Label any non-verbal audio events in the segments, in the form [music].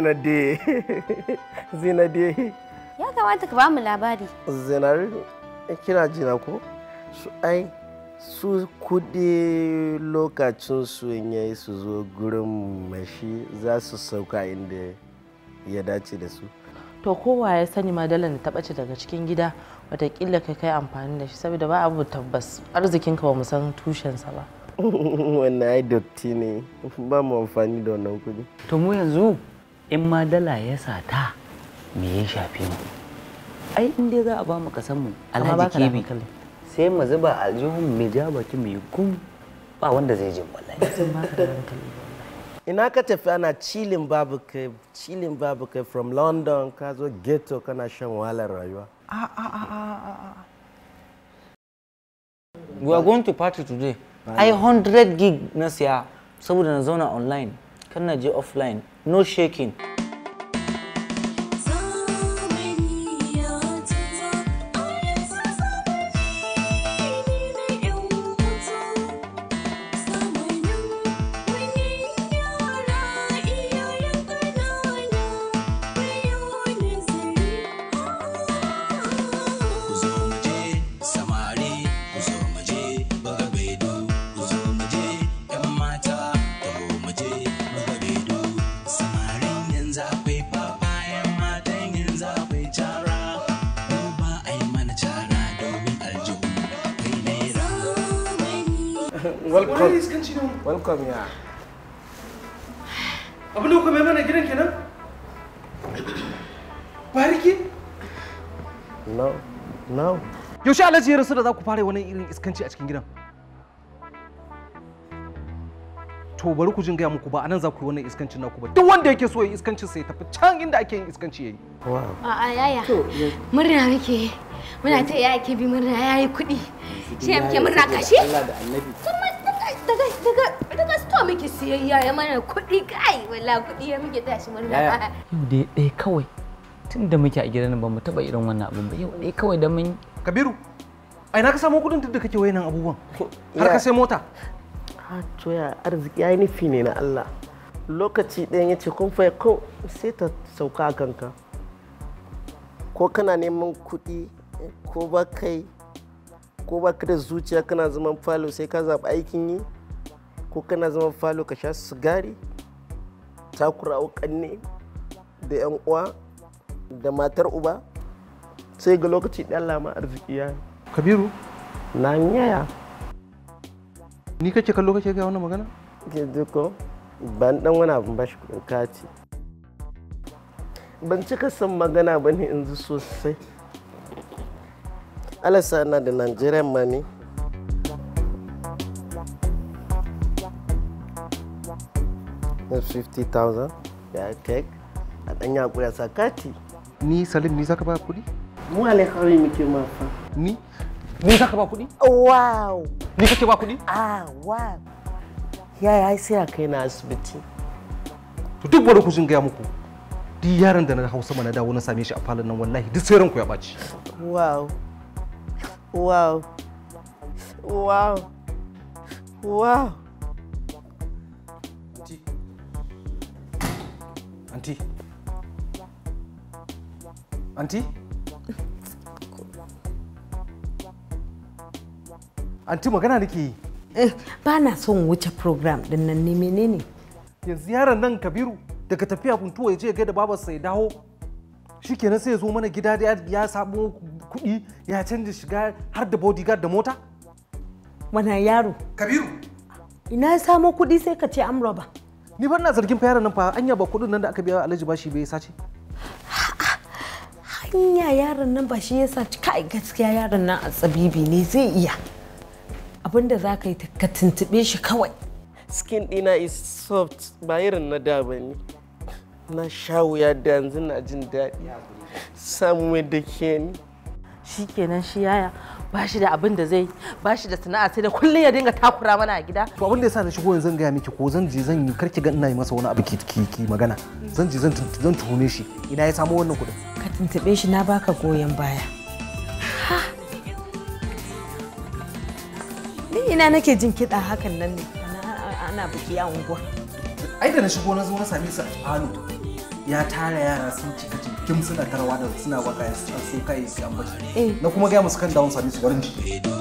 zinade [laughs] zinade ya kamata ka bamu labari zinar eh, kina jina ko su ai su kudi lokacin su ya su zo gurin mashi za su sauka inda ya dace da su to kowa ya sani madalan ta ɓace daga cikin gida watakila ka kai amfani da shi saboda ba abu tabbas arzikinka ba mu san tushensa ba [laughs] wannan ai dotti ne ba mu amfani da wannan kudi to mu yanzu in ma dala ya sata me ya shafe mu ai in dai za a ba mu kasan mu alhaji kebi sai mu zuba aljihun mu ja baki mu gum ba wanda zai je wallahi ina ka tafi ana chilling babu kai chilling babu kai from london ka zo ghetto kana shan wahalar rayuwa a a a a we are going to party today i 100 gig na siya saboda na zauna online kana je offline no shaking Welcome. Welcome ya. Abin da kuka mai mana gidan kenan? Bariki? No. No. Yaushe Alhaji ya rasu da za ku fara wani irin iskanci a cikin gidan? To bari ku jin gaya muku ba a nan za ku yi wannan iskancin naku ba. Duk wanda yake so ya yi iskancin sai tafi can inda ake yin iskanci yayi. A'a yaya. Murna muke. Muna ta yaya ke bi murna yi kuɗi. Shi muke murna kashe? Allah da Annabi. daga daga daga store muke siyayya ya mana kuɗi kai wala kuɗi ya muke tashi murna yau dai dai kawai tun da muke a gidan ba mu taba irin wannan abin ba yau dai kawai da mun Kabiru ai na ka samu kuɗin duk da kake wayannan abubuwan har ka sai mota ha to ya arziki ai nufi ne na Allah lokaci ɗayan ya ce kun fa ko sai ta sauka a kanka ko kana neman kuɗi ko ba kai ko ba ka da zuciya kana zaman falo sai ka zaɓi aikin yi ko kana zama falo ka sha sigari takura kanne da yan uwa da matar uba sai ga lokaci ɗan lama arziki ya kabiru na yaya ni kace kallo kace ga wannan magana ke duko ban dan wani abin bashi kudin kati ban cika son magana bane yanzu sosai alasa na da nigerian money 50,000 ya kek a ya kuya sa kati ni salim ni zaka ba kuɗi mu alaikai muke mafa ni ni zaka ba kudi. wow ni kake ba kudi? ah wow ya ya sai a kai na asibiti to duk wani kujin gaya muku Di yaran da na hausa mana dawo na same shi a falon nan wallahi duk sai ranku ya baci. wow wow wow wow Anti. Anti? Anti magana nake yi. Eh, ba na son wuce program din nan ne menene? Yanzu yaron nan Kabiru daga tafiya kuntuwa ya je ga da babarsa ya dawo. kenan sai ya zo mana gida da ya samu kuɗi ya canza shiga har da bodyguard da mota? wana yaro. Kabiru. Ina ya samo kuɗi sai ka ce amroba. ni fa ina zargin fa yaran nan fa anya ba kuɗin nan da aka biya Alhaji bashi bai sace hanya yaron nan ba shi ya sace kai gaskiya yaron nan a tsabibi ne zai iya abinda za ka yi ka tuntube shi kawai skin dina is soft ba irin na da ba ne na sha wuya da yanzu na jin daɗi Samu da ke ni shi kenan shi yaya ba shi da abin da zai ba shi da sana'a sai da kullum ya dinga takura mana a gida to abin da yasa na shigo yanzu zan gaya miki ko zan je zan yi karki ga ina yi masa wani abu ki ki magana zan je zan zan tuhume shi ina ya samu wannan kuɗin ka tuntube shi na baka goyon baya ni ina nake jin kiɗa hakan nan ne ana buki a unguwa ai da na shigo na zo na same su a ya tara yara sun cika cika tun suna tarwa da suna baka su kai su ambaci eh. na kuma gaya musu kan dawon sami su garin jiki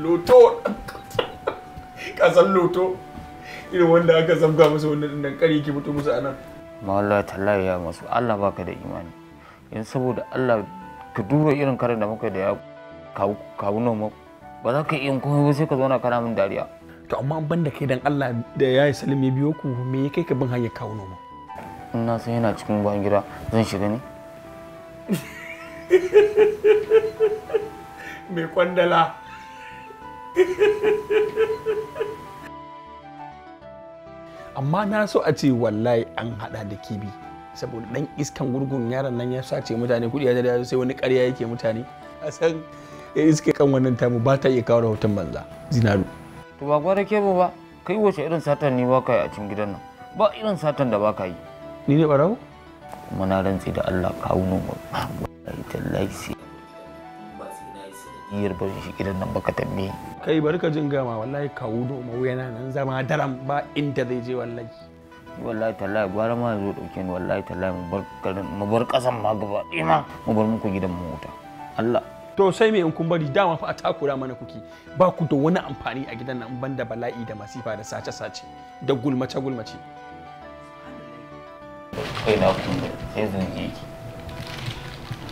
loto kasan loto irin wanda aka zabga musu wannan dan kare ki mutu musu anan ma wallahi tallahi ya masu Allah baka da imani in saboda Allah ka duba irin karin da muka da ya kawo kawo nan ba za ka yi komai ba sai ka zauna kana min dariya to amma an banda kai dan Allah da yayi Salim ya biyo ku me ya kai ka bin hanyar kawo nan in na san yana cikin ban gida zan shiga ne [laughs] me kwandala amma na so a ce wallahi an hada da kibi saboda dan iskan gurgun yaron nan ya sace mutane kudi ya da sai wani ƙarya yake mutane a san ya iske kan wannan tamu ba ta iya kawo rahoton banza zinaru to ba gwara ke ba kai wace irin satan ne ka yi a cikin gidan nan ba irin satan da baka yi ni ne barau kuma na rantsi da Allah kawo nan wallahi tallahi sai iya barin shi gidan nan baka tambaye kai bari ka jin gama wallahi kawu wudo ma yana nan zama daram ba inda zai je wallahi wallahi tallahi gwara ma zo dauke ni wallahi tallahi mu bar garin mu bar kasan ma gaba ina mu bar muku gidan mu wuta Allah to sai me in kun bari dama fa a takura mana kuki ba ku da wani amfani a gidan nan banda bala'i da masifa da sace sace da gulmace gulmace kai na kun sai zan yi.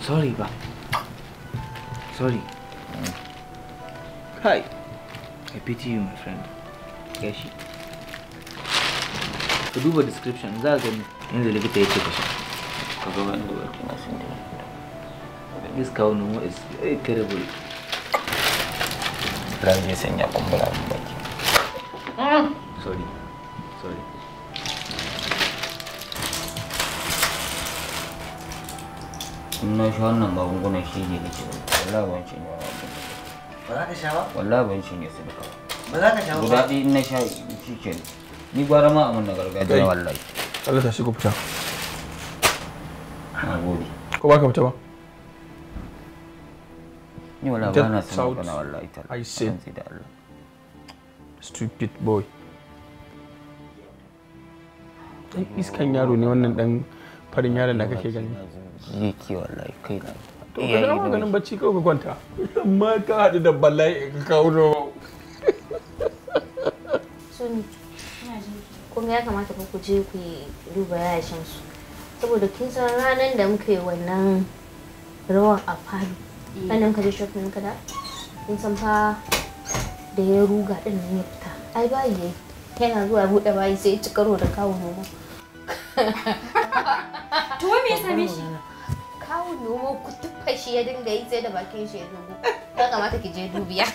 sorry ba sorry Hi. Mm. I pity you, my friend. So Ka duba description za ka In inda likita bit of a This cow no more is very eh, terrible. Mm. Sorry. Sorry. na shi wannan magungunan shi ne nake wallahi ban shi ne ba za ka sha ba wallahi ban shi ne su duka ba ka sha ba guda ɗaya na sha shi ke ni gwara ma amin na gargajiya wallahi Allah ta shi ku fita na gode ko ba ka iskan yaro ne wannan dan farin yaron da kake gani yi kiwon lai kai na to ka dama ganin bacci kawai ka kwanta amma ka haɗu da bala'i ka kawo no kuma ya kamata ku ku je ku duba yashin su saboda kin san ranar da muka yi wannan rawan a falo eh. ranar ka je shopping ka da kin san fa da ya ruga din nan ya fita ai bayi yana zuwa buɗe bayi sai ya ci karo da kawo noma [laughs] ya same shi kawo noma ku tuffa shi ya dinga yi sai da bakin shi ya dubu ya kamata ki je dubiya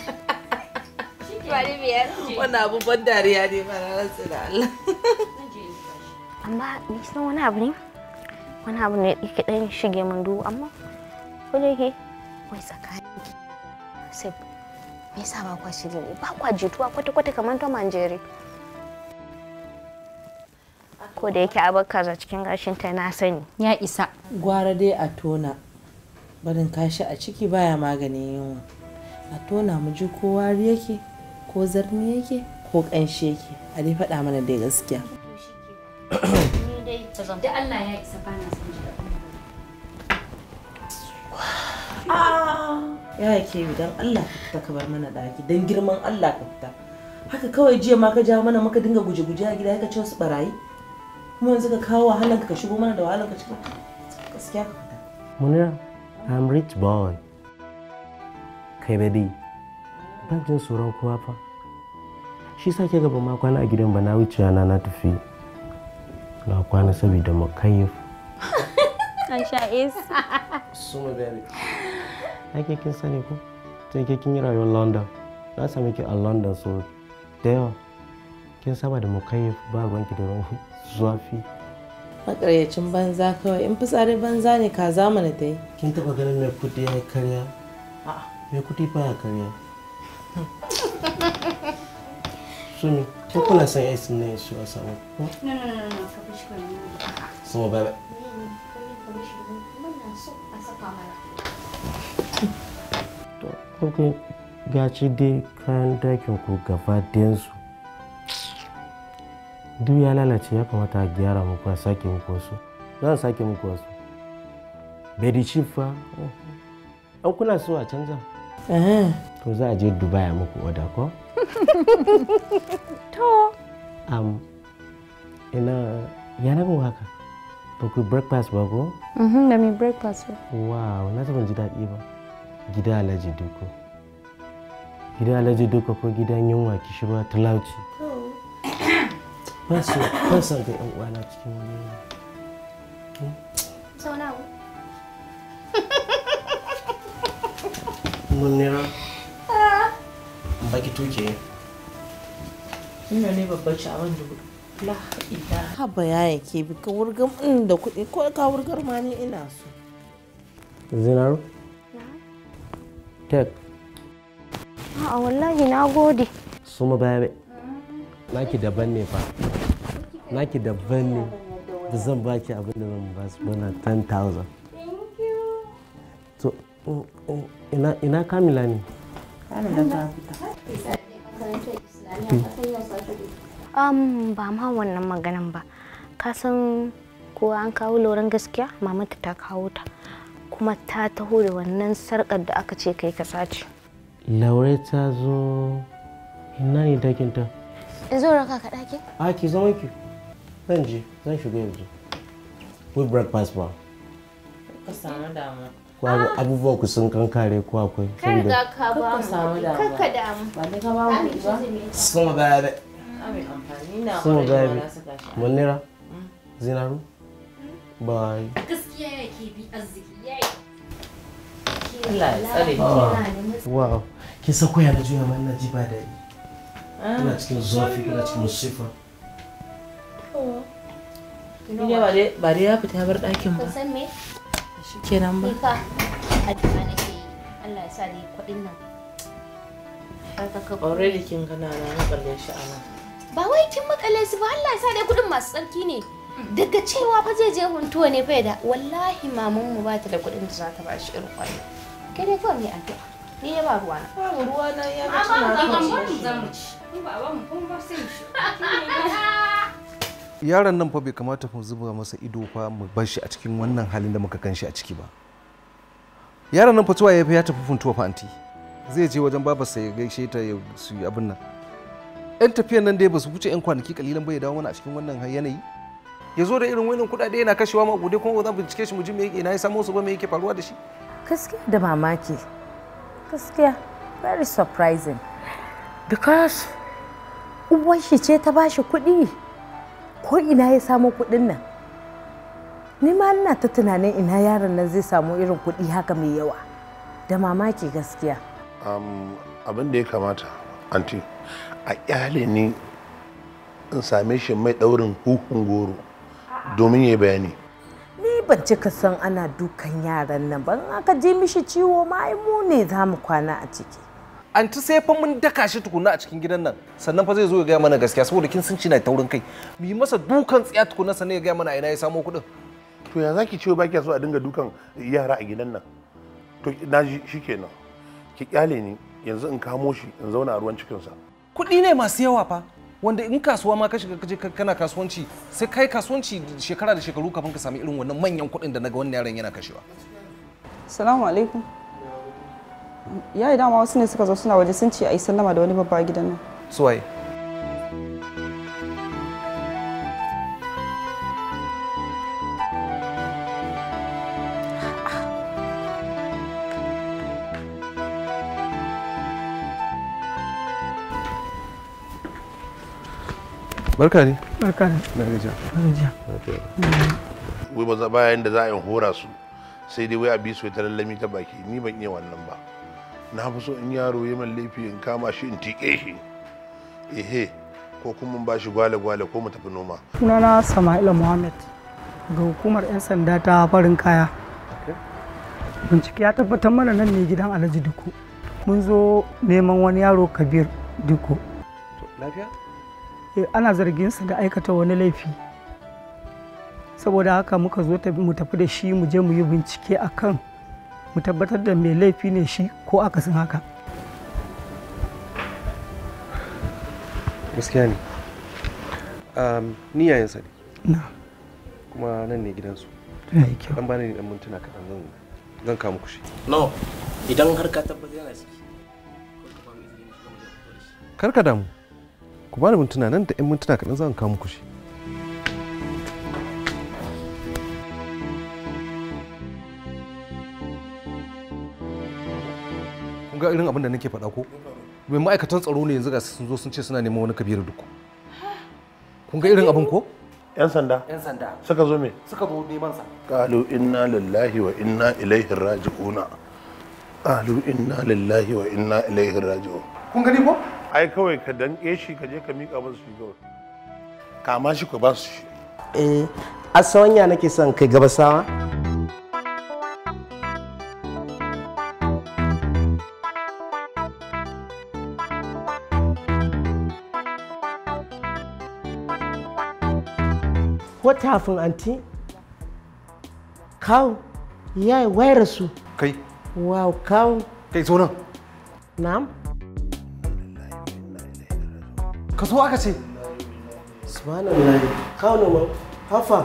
Wani abu ban dariya ne ba na rantsu da Allah amma nisan wani abu ne wani abu ne yake ɗan shige min duhu amma ko da yake wai tsakanin sai me yasa ba kwa shige ba kwa jituwa kwata-kwata kamar ta manjere ko da yake abar kaza cikin gashin ta na sani ya isa gwara dai a tona barin kashi a ciki baya maganin yunwa a tona mu ji ko wari yake ko zarni yake ko kanshi yake a dai faɗa mana dai gaskiya da ya isa bana son don Allah ka fita ka bar mana ɗaki don girman Allah ka fita haka kawai jiya ma ka ja mana maka dinga guje-guje a gida ka ce wasu barayi kuma yanzu ka kawo wahalar ka shigo mana da wahalar ka cikin gaskiya munira i'm rich boy kai dai. ban jin tsoron kowa fa shi sa ke gaba ma kwana a gidan ba na wuce na na tafi na kwana saboda makayyaf an [laughs] sha is suma baby ake kin sani ko tun ke kin yi rayuwar london na sami ki a london so da yawa kin saba da mukayyaf ba banki da zuwafi makaryacin banza kawai in fitsarin banza ne ka zamana dai kin taba ganin mai kudi ya karya mai kudi ba ya karya ko kuna san yai sun ne su a samu ko no no no no shi so ba ba to ga gaci dai kayan dakin ku gaba dayansu duk ya lalace ya kamata a gyara muku a sake muku wasu za a sake muku wasu bedi chief fa oh. an kuna so a canza eh. to za a je dubai muku oda ko to am ina ya na haka ba ku breakfast ba ko na mhm, mai breakfast ba wow na ban ji dadi ba gida alaji duko gida alaji duko ko gidan yunwa kishirwa talauci ban so ga yan uwana cikin wani sau mun munira ah. baki tuke ina ne babbar sha'awan dubu haba ya yake bi ka wurgar da kuɗi ko ka wurgar ma ne ina so zinaru tek a'a wallahi na gode su mu baya ah. naki daban ne fa naki da ne da zan baki abin da zan ba su bana 10,000 so ina kamila ne kamila ta fita um, ba ma wannan maganan ba ka san ko an kawo loran gaskiya mamata ta kawo ta kuma ta taho da wannan sarƙar da aka ce kai ka sace laure ta zo ina ne dakin in zo raka ka ɗakin a ki zama ki Benji, je zan shiga yanzu we breakfast ba ka samu damu ko ah! abubuwa ku sun kankare ko akwai ka ba samu damu kakka damu ba ne ka ba mu ba sun ga yabe sun ga yabe mun nira zinaru hmm? bye gaskiya yake bi arziki yayi ah. wow ki sako ya juya mana ji ba daɗi ah. ina cikin zafi ina cikin musifa ba dai ya fita bar ɗakin ba. Kusan me? Shi ba. Allah ya sa kuɗin nan. Already kin gana na shi Ba wai kin makale su ba Allah ya sa dai kuɗin masu tsarki ne. Daga cewa fa zai je huntuwa ne fa da wallahi maman mu ba ta da kuɗin da za ta ba shi irin kwallo. Kai dai kawai mai addu'a. Ni ba ruwa na. Ba ruwa na ya ga tana. Amma ba mu zamu ci. Ba ba mu kuma ba sai shi. [laughs] yaron nan fa bai kamata mu zuba masa ido fa mu bar shi a cikin wannan halin da muka kan shi a ciki ba yaron nan fa tuwa ya tafi funtuwa fa anti zai je wajen babarsa ya gaishe ta ya su abin nan yan tafiyan nan dai ba su wuce yan kwanaki kalilan bai dawo mana a cikin wannan yanayi ya zo da irin wannan kuɗaɗe yana kashewa ma gode kuma ba zan bincike shi mu ji me yake na ya samo su ba me yake faruwa da shi gaskiya da mamaki gaskiya very surprising because uwan shi ce ta bashi kuɗi ko ina ya samu kuɗin nan ni ma ina ta tunanin ina yaron nan zai samu irin kuɗi haka mai yawa da mamaki gaskiya abin da ya kamata anti a kyale ni in same shi mai ɗaurin hukun goro domin ya bayani ni ban cika san ana dukan yaran nan ban aka ji mishi ciwo ma mu ne za mu kwana a ciki anti sai fa mun daka shi tukunna a cikin gidan nan sannan fa zai zo ya gaya mana gaskiya saboda kin sun na taurin kai mu yi masa dukan tsiya tukunna sannan ya gaya mana ina ya samo kuɗin to ya zaki ce ba kiya a dinga dukan yara a gidan nan to na ji shikenan ki kyale ni yanzu in kamo shi in zauna a ruwan cikinsa kuɗi ne masu yawa fa wanda in kasuwa ma ka shiga kaje kana kasuwanci sai kai kasuwanci shekara da shekaru kafin ka sami irin wannan manyan kuɗin da naga wannan yaron yana kashewa assalamu alaikum ya yi dama wasu ne suka zo suna waje sun ce a yi sallama da wani babba gidan nan suwaye barka ne barka ne na rija. wai ba bayan da za a yi hora su sai dai wai a bi su ta lallami ta baki ni ban iya wannan ba na fi so in yaro ya man laifi in kama shi in tike shi ehe ko kuma ba shi gwale-gwale ko mu tafi noma sunana sama'ila muhammad ga hukumar 'yan sanda ta farin kaya bincike ya tabbatar mana nan ne gidan alhaji duku mun zo neman wani yaro kabir duku lafiya eh, ana zargin sa da aikata wani laifi saboda haka muka zo mu tafi da shi mu je mu yi bincike akan mu tabbatar da mai laifi ne shi ko akasin haka gaskiya ne ni yayansa ne kuma nan ne gidansu dan bani dan mintuna kaɗan zan zan kawo muku shi no idan har ka tabbata yana ciki kar ka damu ku ni mintuna nan da yan mintuna kaɗan zan kawo muku shi ga irin abin da nake faɗa ko mai ma'aikatan tsaro ne yanzu ga sun zo sun ce suna neman wani kabiru duku kun ga irin abin ko yan sanda yan sanda suka zo me suka zo neman sa qalu inna lillahi wa inna ilaihi raji'una qalu inna lillahi wa inna ilaihi raji'un kun gani ko ai kawai ka danƙe shi ka je ka mika musu shi kawai kama shi ko ba su shi eh a sanya nake son kai gabasawa kafin anti kawo ya yi su kai wow kawo kai zo nan na'am ka so aka ce kawo na hafa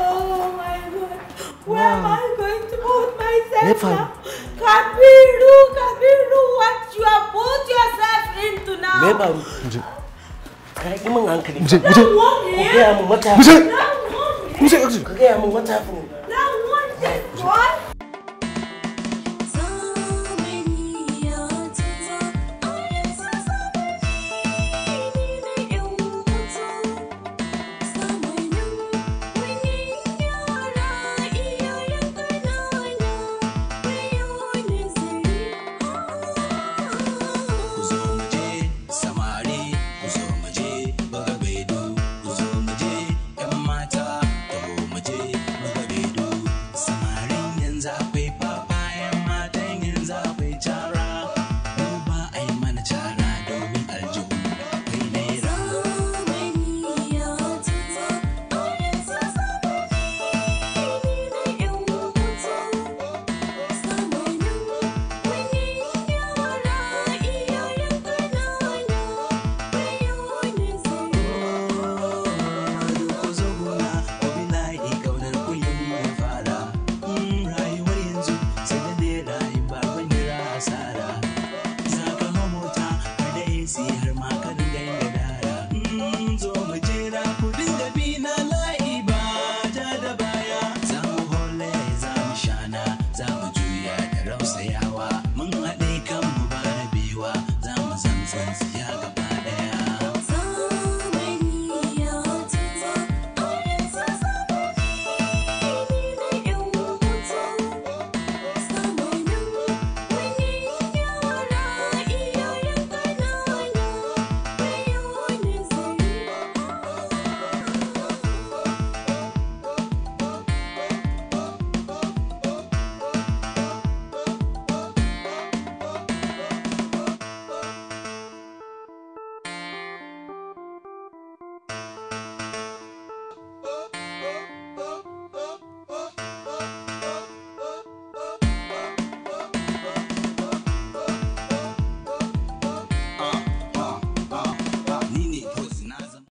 oh my god where wow. am i going to put myself now kabiru kabiru what you have put yourself into now me ba hankali je je ko mu mata 그게 한번 what happened? 나 what is what?